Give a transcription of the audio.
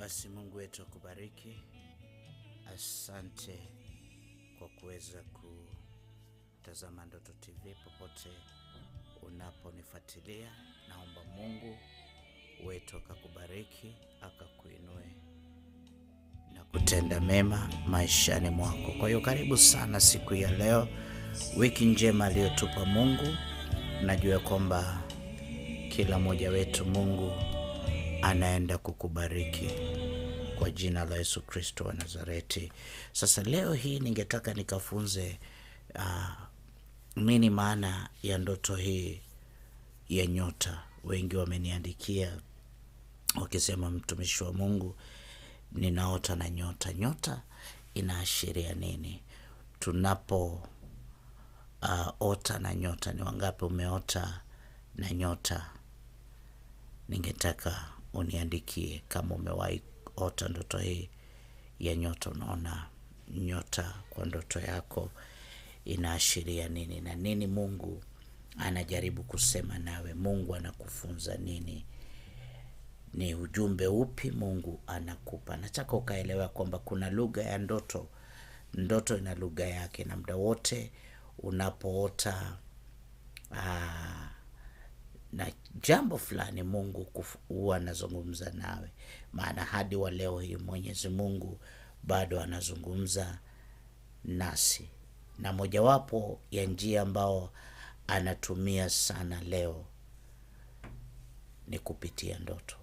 Basi Mungu wetu akubariki. Asante kwa kuweza kutazama Ndoto TV popote unaponifuatilia. Naomba Mungu wetu akakubariki, akakuinue na kutenda mema maishani mwako. Kwa hiyo karibu sana siku ya leo, wiki njema aliyotupa Mungu. Najua kwamba kila mmoja wetu Mungu anaenda kukubariki kwa jina la Yesu Kristo wa Nazareti. Sasa leo hii ningetaka nikafunze uh, nini maana ya ndoto hii ya nyota. Wengi wameniandikia wakisema, mtumishi wa Mungu, ninaota na nyota. Nyota inaashiria nini? tunapo uh, ota na nyota, ni wangapi umeota na nyota? Ningetaka uniandikie kama umewahi ota ndoto hii ya nyota. Unaona nyota kwa ndoto yako inaashiria nini na nini Mungu anajaribu kusema nawe? Mungu anakufunza nini? Ni ujumbe upi Mungu anakupa? Nataka ukaelewa kwamba kuna lugha ya ndoto. Ndoto ina lugha yake, na muda wote unapoota aa, ah, jambo fulani Mungu huwa anazungumza nawe, maana hadi wa leo hii Mwenyezi Mungu bado anazungumza nasi, na mojawapo ya njia ambao anatumia sana leo ni kupitia ndoto.